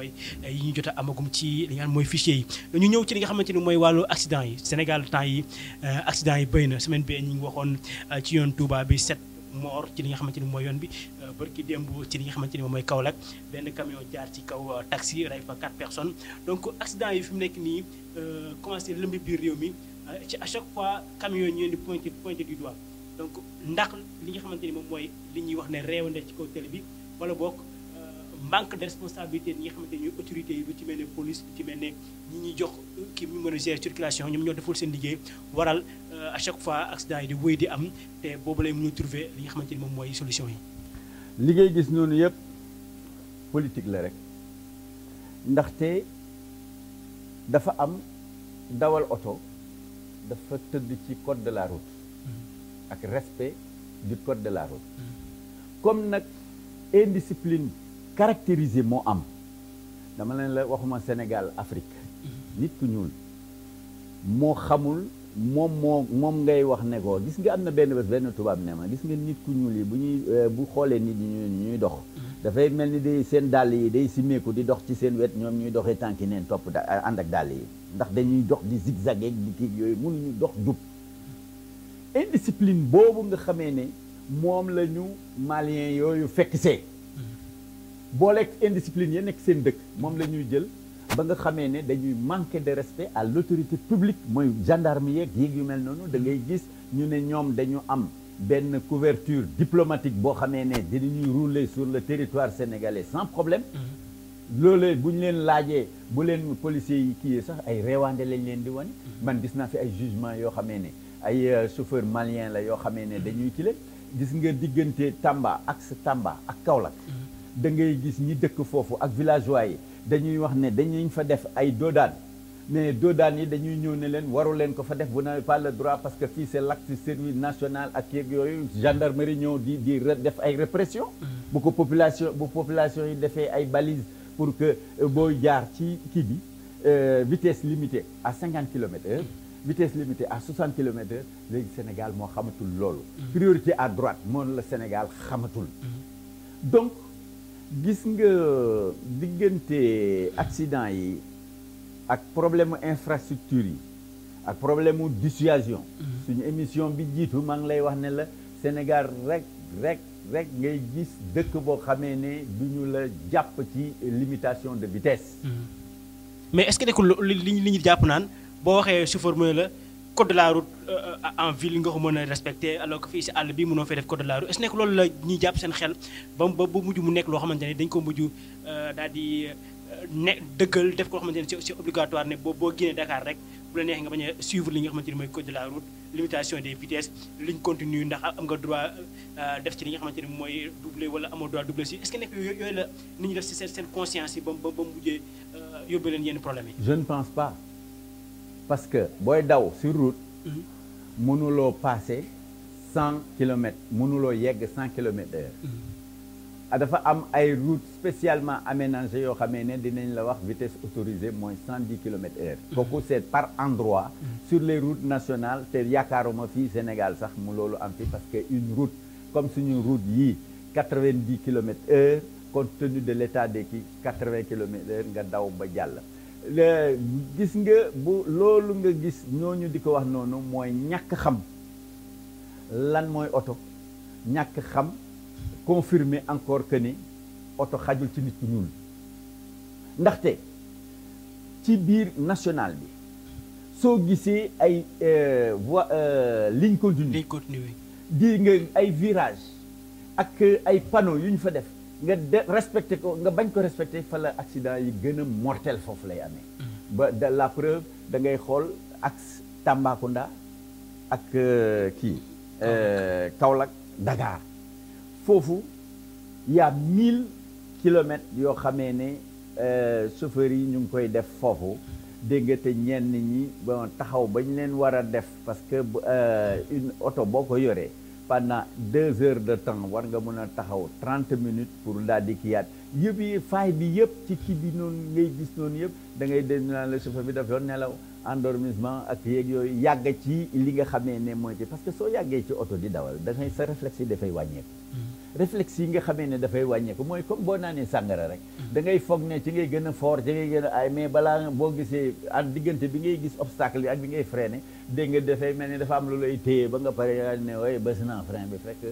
mooy eh, yi ñu jot a amagum ci li nga xam mooy fichier yi ñu ñëw ci li nga xamante ni mooy wàllu accident yi Sénégal temps yi eh, accident yi bëri na semaine bi ñu ngi waxoon eh, ci yoon Touba bi set moor ci li nga xamante ni mooy yoon bi barki démb ci li nga xamante ni moom mooy Kaolack benn camion jaar ci kaw taxi rey fa quatre personnes donc accident yi fi mu nekk nii commencé lëmbi biir réew mi ci à chaque fois camion ñu leen di pointé pointé du doigt donc ndax li nga xamante ni moom mooy li ñuy wax ne réewande ci kaw télé bi wala bokk manque de responsabilité ñi nga xamante ne ñooy yi lu ci mel ni police lu ci mel ni ñi ñuy jox kii ñu mën a gérer circulation ñoom ñoo deful seen liggéey waral euh, à chaque fois ak yi di wéy di am te boobu lay mënu trouver li nga xamante ni moom mooy solution yi. li ngay gis noonu yëpp politique la rek ndaxte dafa am dawal oto dafa tëdd ci code de la route. Mm-hmm. ak respect du code de la route. Mm-hmm. comme nag indiscipline. caractériser moo am dama leen la waxuma senegal Afrique nit ku ñuul moo xamul moom moo moom ngay wax ne ko gis nga am na benn bés benn tubaab ne ma gis nga nit ku ñuul yi bu ñuy euh, bu xoolee nit ñi ñuy dox mm-hmm. dafay mel ni day seen dàll yi day simmeeku di dox ci seen wet ñoom ñuy doxee tànki neen topp da ànd ak dàll yi ndax dañuy dox di zigzag ak di kii yooyu mënuñu dox jub indiscipline boobu nga xamee ne moom la ñu malien yooyu fekk see booleeg indiscipline ya nekk seen dëkk moom la ñuy jël ba nga xamee ne dañuy manquer de respect à l'autorité publique mooy gendarme yeeg yéeg yu mel noonu da ngay gis ñu ne ñoom dañu am benn couverture diplomatique boo xamee ne dinañuy rouler sur le territoire sénégalais sans problème mm-hmm. loole buñ leen laajee bu leen policiers yi kii sax ay reewaande lañ leen di wane mm-hmm. man gis naa fi ay jugement yoo xamee ne ay euh, chauffeur malien la yoo xamee ne dañuy kile gis nga diggante Tamba ak Tamba ak Kaolack mm-hmm. da ngay gis ñi dëkk foofu ak villageois yi dañuy wax ne dañuy fa def ay doodaan mais doodaan yi dañuy ñëw ne leen waru leen ko fa def vous n'avez pas droit parce que fii c'est l'acte service national ak yeeg yooyu gendarmerie ñëw di di def ay répression mm. bu ko population bu population yi defee ay balises pour que euh, booy jaar ci kii bi euh, vitesse limitée à cinquante kilomètres heure mm. vitesse limitée à 60 kilomètres heure léegi Sénégal moo xamatul loolu mm. priorité à droite moom la Sénégal xamatul gis nga diggante accident yi ak problème infrastructure yi ak problème mu dissuasion. Mhm. suñu émission bi jiitu maa ngi lay wax ne la Sénégal rek rek rek ngay gis dëkk boo xamee ne du ñu la jàpp ci limitation de vitesse. Mhm. mais est-ce que nekkul li ñu li ñu jàpp naan boo waxee chauffeur mooy la. code de la route euh, euh, en ville nga ko mën a respecté alors que fii si àll bi mënoo fay def code de la route est nekk loolu la ñuy jàpp seen xel ba ba mujj mu nekk loo xamante ne dañ ko mujj euh, daal di ne dëggal def ko loo xamante ne c'est obligatoire ne boo boo génnee Dakar rek bu la neexee nga bañ a suivre li nga xamante ne mooy code de la route limitation des vitesses ligne continue ndax am nga droit def ci li nga xamante mooy doublé wala amoo droit doublé si est-ce que def si seen seen conscience yi ba ba ba mujjee yóbbee leen yenn problème yi. parce que booy daw sur route mhm. mënuloo passer cent kilomètres mënuloo yegg cent kilomètres d'heure mhm. ah, dafa am ay route spécialement aménagées yoo xamee ne dinañ la wax vitesse autorisée mooy cent dix kilomètres heure mhm. kooku c'est par endroit sur les routes nationales te yaakaaruma fii Sénégal sax mu loolu am fi parce que une route comme suñu route yii quatre-vingt-dix kilomètres heure compte tenu de l'état des kii quatre-vingts kilomètres heure nga daw ba jàll gis nga bu loolu nga gis ñooñu di ko wax noonu mooy ñàkk xam lan mooy oto ñàkk xam confirmer encore que ni oto xajul ci nit ku ñuul ndaxte ci biir national bi soo gisee ay euh, voie euh, ligne continue ligne continue di nga ay virage ak ay panneaux yu ñu fa def nga de respecté ko nga bañ ko respecté fa la accident yi gën a mortel foofu lay amee. Mm-hmm. ba de la preuve da ngay xool axe Tambacounda ak euh, kii. Euh, Kaolack Dakar foofu y a mille kilomètres yoo xamee ne euh, chauffeurs yi ñu ngi koy def foofu dégg nga te ñi bon taxaw bañ leen war a def parce que une oto boo ko yoree. pendant deux heures de temps war nga mën a taxaw trente minutes pour daal di kiyaat yëpp yi faay bi yëpp ci kii bi noonu ngay gis noonu yëpp dangay ngay dégg naan la chauffeur bi daf doon nelaw endormissement ak yeeg yooyu yàgg ci li nga xamee ne mooy ci parce que soo yàggee ci oto di dawal da ngay sa réflexe yi dafay wàññeeku. Hmm. réflexe yi nga xamee ne dafay wàññeeku mooy comme boo naanee sàngara rek. Hmm. dangay foog ne ci ngay gën a fort ci ngay gën a mais balaa boo gisee ak diggante bi ngay gis obstacle yi ak bi ngay freiné. dégg nga dafay mel ni dafa am lu lay téye ba nga pare yaa ne waaye bës naa frein bi fekk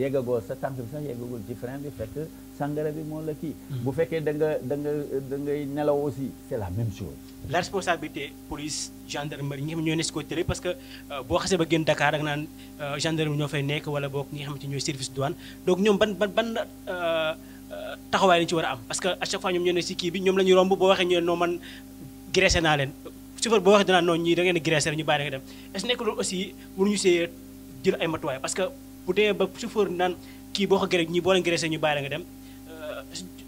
yeggagoo sa tànk bi sax yeggagul ci frein bi fekk sàngara bi moom la kii. Hmm. bu fekkee da nga da nga da ngay nelaw aussi c'est la même chose. la responsabilité police gendarmerie ñi nga xam ñooy nekk si côté parce que euh, boo xasee ba génn Dakar ak naan euh, gendarmerie ñoo fay nekk wala boo ñi nga xamante ñooy service douane donc ñoom ban ban ban. Euh, taxawaay lañu ci war a am parce que à chaque fois si kii bi ñoom la ñuy romb boo waxee ñu ne noo man chauffeur boo wax dinaa noonu ñii da ngeen graisser ñu bàyyi nga dem est-ce nekk loolu aussi mënuñu see jël ay matuwaay parce que bu demee ba chauffeur naan kii boo ko graisser ñii boo leen graisser ñu bàyyi nga dem euh,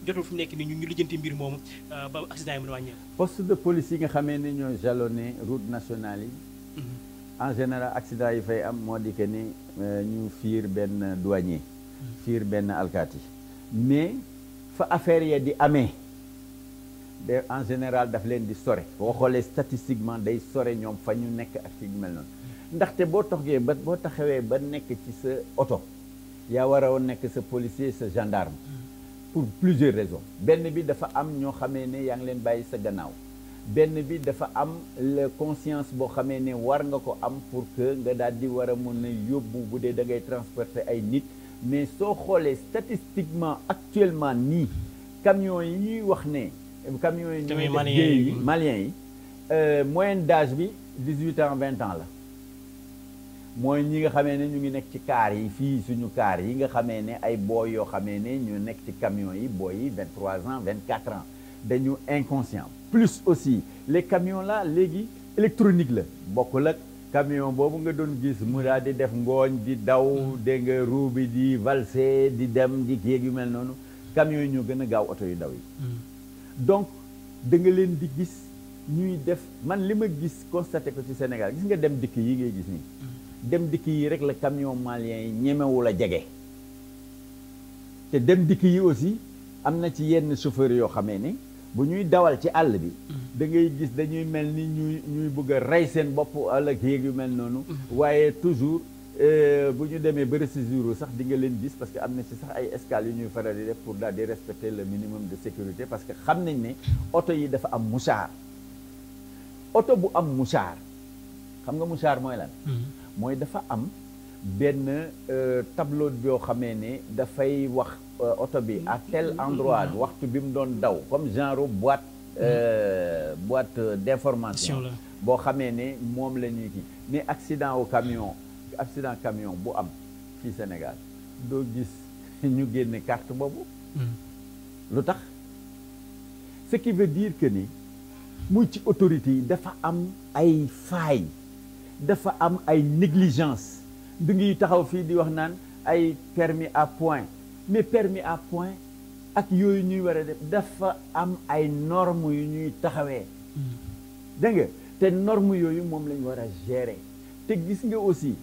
jotul fu nekk nii ñu ñu lijjanti mbir moomu euh, ba accident yi mën a wàññeeku. poste de police yi nga xamee ni ñoo jalonné route nationale yi. Mhm. en général accident yi fay am moo di que ni euh, ñu fiir benn douanier. Mhm. fiir benn alkaati mais fa affaire ya di amee. de en général daf leen di sore boo xoolee statistiquement day sore ñoom fa ñu nekk ak ci mel noonu ndaxte boo toxee ba boo taxawee ba nekk ci sa oto yaa war a woon nekk sa policier sa gendarme pour plusieurs raisons benn bi dafa am ñoo xamee ne yaa ngi leen bàyyi sa gannaaw benn bi dafa am la conscience boo xamee ne war nga ko am pour que nga daal di war a mën a yóbbu bu dee dangay ngay ay nit mais soo xoolee statistiquement actuellement nii camion yi ñuy wax ne camions yi ñooy def géej yi mm. malien yi euh, moyenne d'âge bi dix-huit ans vingt ans la mooy ñi nga xamee ne ñu ngi nekk ci kaar yi fii suñu kaar yi nga xamee ne ay booy yoo xamee ne ñu nekk ci camions yi booy yi vingt trois ans vingt quatre ans dañu inconscient plus aussi les camions là léegi électronique la bokkul ak camion boobu nga doon gis mu daal di def ngooñ di daw mm. dégg nga bi di valser di dem di yéeg yu mel noonu camions yi ñoo gën a gaaw oto yu daw yi mm. donc da nga leen di gis ñuy def man li ma gis constaté ko ci Sénégal gis nga dem dikk yi ngay gis nii dem dikk yi rek la camion malien yi ñemewu la jege te dem dikk yi aussi am na ci yenn chauffeur yoo xamee ni bu ñuy dawal ci àll bi dangay gis dañuy mel ni ñuy ñuy bëgg a rey seen bopp àll ak yu mel noonu mm-hmm. waaye toujours Euh, bu ñu demee ba reçu sax di nga leen gis parce que am na si sax ay escale yu ñuy faral di def pour daal di respecter le minimum de sécurité parce que xam nañ ni oto yi dafa am mouchard oto bu am mouchard xam nga mouchard mooy lan. Hmm. dafa am benn euh, tableau boo xamee ne dafay wax euh, oto bi à tel endroit hmm. waxtu bi mu doon daw comme genre boîte. Hmm. Euh, boîte d'information. boo xamee ne moom la ñuy kii ne accident au camion. accident camion bu am fii Sénégal doo gis ñu génne kart boobu hmm. lu tax ce qui veut dire que ni muy ci autorité yi dafa am ay failles dafa am ay négligence du ngi taxaw fii di wax naan ay permis à point mais permis à point ak yooyu ñuy war a def dafa am ay normes yu ñuy taxawee hmm. dégg nga te normes yooyu moom la ñu war a gérer te gis nga aussi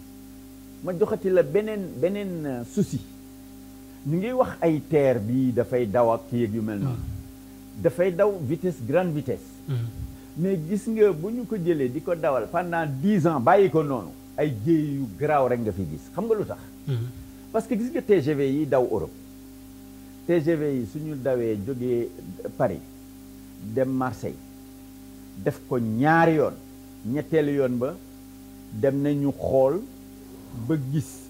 ma joxati la beneen beneen euh, souci ñu ngi wax ay terre bi dafay daw ak kii yu mel noonu mm. dafay daw vitesse grande vitesse mm. mais gis nga bu ñu ko jëlee di ko dawal pendant dix ans bàyyi ko noonu ay jéey yu garaaw rek nga fi gis xam nga lu tax mm. parce que gis nga TGV yi daw Europe TGV yi suñu dawee jógee Paris dem Marseille def ko ñaari yoon ñetteelu yoon ba dem nañu xool ba gis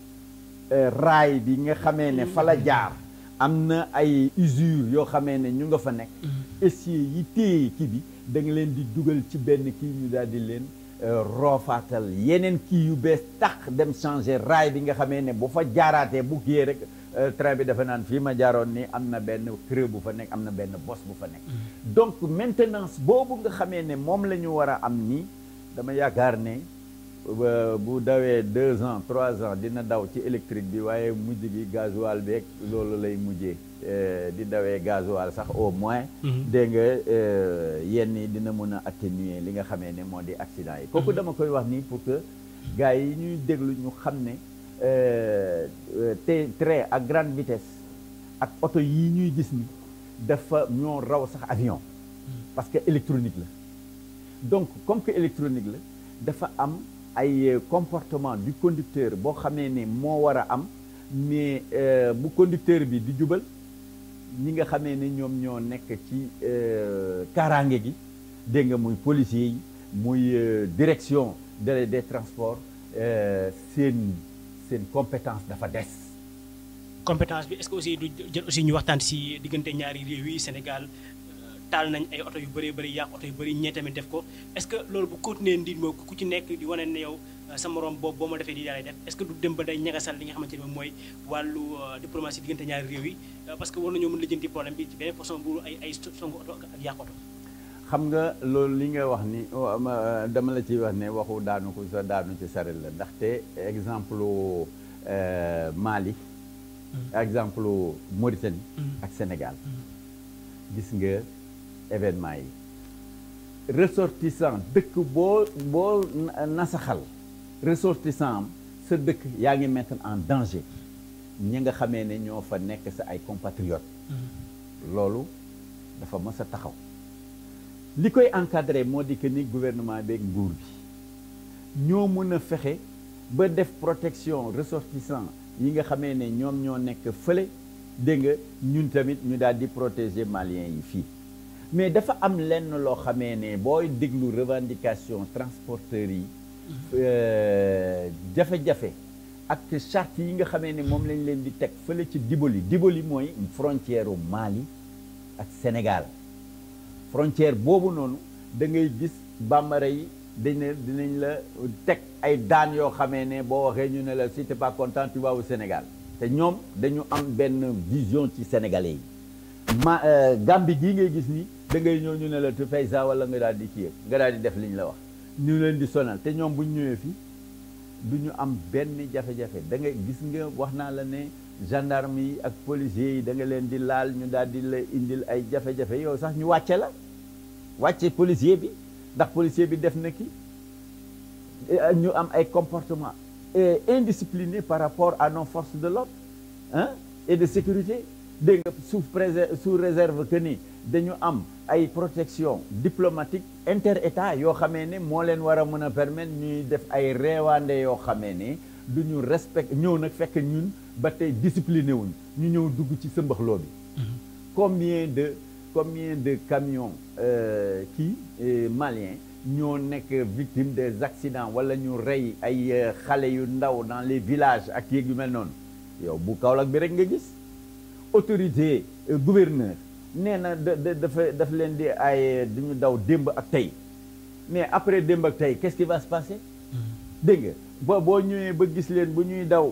eh, raay bi nga xamee ne fa la mm-hmm. jaar am na ay usure yoo xamee ne ñu nga fa nekk mm-hmm. essier yi téye kii bi da leen di dugal ci benn kii ñu daal di leen eh, roofaatal yeneen kii yu bees tax dem changer raay bi nga xamee ne bu fa jaaraatee bu kiyee rek eh, train bi dafa naan fii ma jaaroon ni am na benn creux bu fa nekk am na benn bos bu fa nekk mm-hmm. donc maintenance boobu nga xamee ne moom lañu war a am nii dama yaakaar ne bu dawee deux ans trois ans dina daw ci électrique bi waaye mujj gi gasoil beeg loolu lay mujjee eh, di dawee gasoil sax au moins mhm. dégg nga eh, yenn yi dina mën a atténuer li nga xamee ne moo di accident yi kooku mhm. dama koy wax nii pour que gars yi ñuy déglu ñu xam ne eh, te train à grande vitesse ak oto yi ñuy gis ni dafa ñoo raw sax avion mhm. parce que électronique la donc comme que électronique la dafa am ay euh, comportement du conducteur boo xamee ni moo war a am mais euh, bu conducteur bi di jubal ñi nga xamee ne ñoom ñoo nekk ci euh, kaaraange gi dégg nga muy policier yi muy direction de des transports seen seen compétence dafa des. compétence bi est-ce que aussi du jël aussi ñu waxtaan ci diggante ñaari réew yi Sénégal. taal nañ ay oto yu bëree bëri yàq oto yu bëri ñee tamit def ko est-ce que loolu bu continuer ndiit moo ku ci nekk di wane ne yow euh, sa morom boobu boo ma defee di daal def est-ce que du dem ba day ñagasal li euh, euh, problème bi ci beneen façon bu ay songu oto ak yàq oto xam nga loolu li nga wax ni dama la ciy wax ne waxu daanu ko sa daanu ci saret la ndaxte exemple Mali mm-hmm. exemple Mauritanie mm-hmm. ak Sénégal mm-hmm. gis nga événement yi ressortissant dëkk boo boo nasaxal ressortissant sa dëkk yaa ngi mettre en danger ñi nga xamee ne ñoo fa nekk sa ay compatriotes mm-hmm. loolu dafa mës a taxaw li koy encadré moo di que ni gouvernement beeg nguur bi ñoo mën a fexe ba def protection ressortissant yi nga xamee ne ñoom ñoo nekk fële dégg nga ñun tamit ñu daal di protéger maliens yi fii mais dafa am lenn loo xamee ne booy déglu revendication transporteurs yi mhm. euh, jafe-jafe ak charte yi nga xamee ni moom lañ leen di teg fële ci Diboli Diboli mooy frontière u Mali ak Sénégal frontière boobu noonu da ngay gis bambara yi dañ dinañ la teg ay daan yoo xamee ne boo waxee ñu ne la si t'es pas content tu vas Sénégal te ñoom dañu am benn vision ci sénégalais yi ma euh, Gambie ngay gis nii da ngay ñëw ñu ne la tu fay ça wala nga daal di kii nga daal di def li ñu la wax ñu leen di sonal te ñoom bu ñu ñëwee fii du ñu am benn jafe-jafe da ngay gis nga wax naa la ne gendarme yi ak policiers yi da nga leen di laal ñu daal di la indil ay jafe-jafe yow sax ñu wàcce la wàcce policier bi ndax policier bi def na ki eh, ñu am ay comportement eh, indiscipliné par rapport à non force de l'ordre hein et de sécurité dégg nga sous sous réserve que ni dañu am ay protection diplomatique inter état yoo xamee ne moo leen war a mën a permettre ñuy def ay reewaande yoo xamee ne du ñu respect ñëw nag fekk ñun ba tey discipliné wuñ ñu ñëw dugg ci sëmbaxloo bi mm-hmm. combien de combien de camions euh, kii euh, maliens ñoo nekk victime de accidents wala ñu rey ay euh, xale yu ndaw dans les village ak yéeg yu mel noonu yow bu Kaolack bi rek nga gis autorité euh, gouverneur nee na da dafa leen di ay duñu daw démb ak tey mais après démb ak tey qu'est-ce qui va se passer mm-hmm. dégg nga boo boo ñëwee ba gis leen bu ñuy daw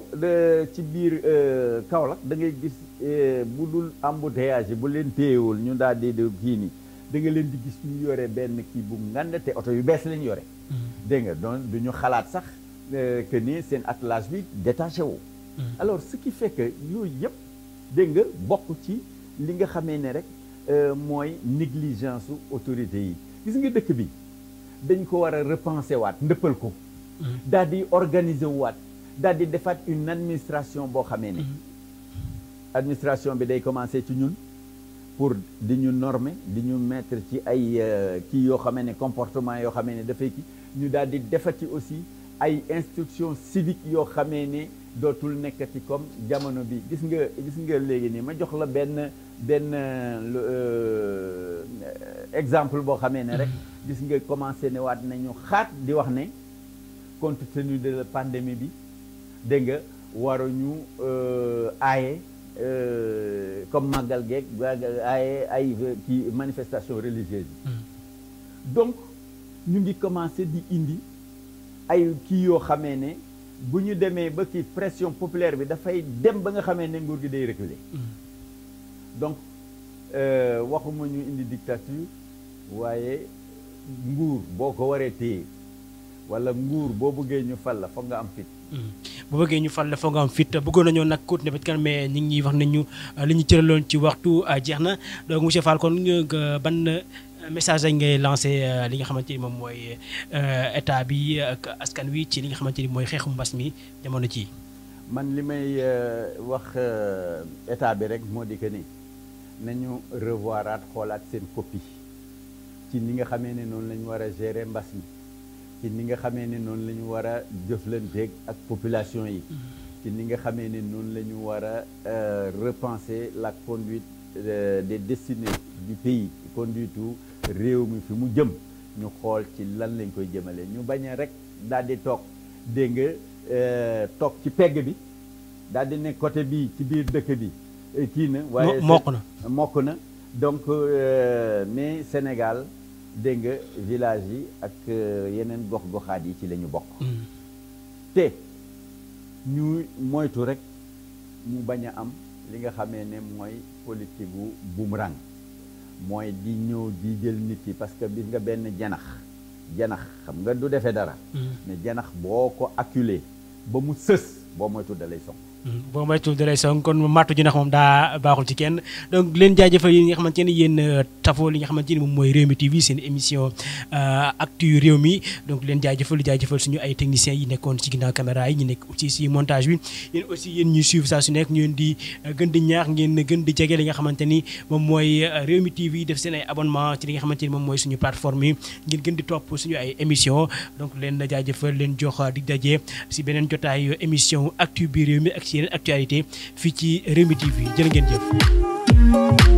ci biir euh, Kaolack da ngay gis euh, bu dul embouteillage yi bu leen téyewul ñu daal di kii nii da nga leen di gis ñu yore benn kii bu ngand te oto yu bees lañ yore mm-hmm. dégg nga donc du xalaat sax que ni seen attelage bi détaché wu mm-hmm. alors ce fekk yooyu yëpp dégg nga bokk ci li nga xamee ne rek euh, mooy négligence su autorité yi gis nga dëkk bi dañ ko war a repenser waat ndëppal ko mm-hmm. daal di organiser waat daal di defaat une administration boo xamee ni mm-hmm. administration bi day commencer ci ñun pour di ñu normer di ñu mettre ci ay euh, kii yoo xamee ne comportement yoo xamee ne dafay kii ñu daal di defati aussi ay instructions civiques yoo xamee ne dootul nekkati comme jamono bi gis nga gis nga léegi nii ma jox la benn benn euh, exemple boo xamee ne rek mm-hmm. gis nga commencé ne waat nañu xaat di wax ne compte tenu de la pandémie bi dégg nga waruñu euh, aaye euh, comme màggal geeg aaye ay kii manifestation religieuse yi mm-hmm. donc ñu ngi commencé di indi ay kii yoo xamee ne bu ñu demee ba kii pression populaire bi dafay dem ba nga xamee ne nguur gi day reculer mm. donc euh, waxuma ñu indi dictature waaye nguur boo ko waree téye wala nguur boo bëggee ñu fal la foog nga am fit mm. bu bëggee ñu fàll foo nga am fit bëggoon nañoo nag continuer ba kan mais ñu ngi wax nañu li ñu cëraloon ci waxtu ah, jeex na donc monsieur Fall kon ban message lañ ngay lancé euh, li nga xamante ni moom mooy euh, état bi ak askan wi ci li nga xamante ni mooy xeexu mbas mi jamono ci man li may euh, wax état bi rek moo di que ni nañu revoiraat xoolaat seen copie ci ni nga xamee ne noonu la ñu war a gérer mbas mi ci ni nga xamee ne noonu la ñu war a jëflanteeg ak population yi mm-hmm. ci ni nga xamee ne noonu lañu ñu war a repenser la conduite des destinées du pays conduite réew mi fi mu jëm ñu xool ci lan lañ koy jëmale ñu bañ a rek daal di toog dégg nga euh, toog ci pegg bi daal di ne côté bii ci biir dëkk bi euh, kii na waaye mokk na mokk na donc euh, mais Sénégal dégg nga village yi ak yeneen gox-goxaat yi ci la ñu bokk mm. te ñu moytu rek mu bañ a am li nga xame ne mooy politique wu boomerang mooy di ñëw di jël nit ki parce que bis nga benn janax janax xam nga du defee dara mm. mais janax boo ko acculé ba mu sës boo moytu dalay song boo moytuwul da lay song kon màttu ju nax moom daa baaxul ci kenn donc leen jaajëfal ne yéen euh, tafoo li mooy Rewmi TV seen émission euh, actu réew mi donc leen jaajëfal jaajëfal suñu ay techniciens yi nekkoon ci ginnaaw caméra yi ñu nekk aussi si montage bi yéen aussi yéen ñuy suivre euh, ni moom mooy Rewmi TV def seen ay abonnement ci li nga moom mooy suñu plateforme yi ngeen gën di topp suñu ay émission donc leen jaajëfal leen jox di daje si beneen jotaayu émission actu bi réew mi ak si yeneen actualité fii ci Rewmi TV jërë ngeen jëf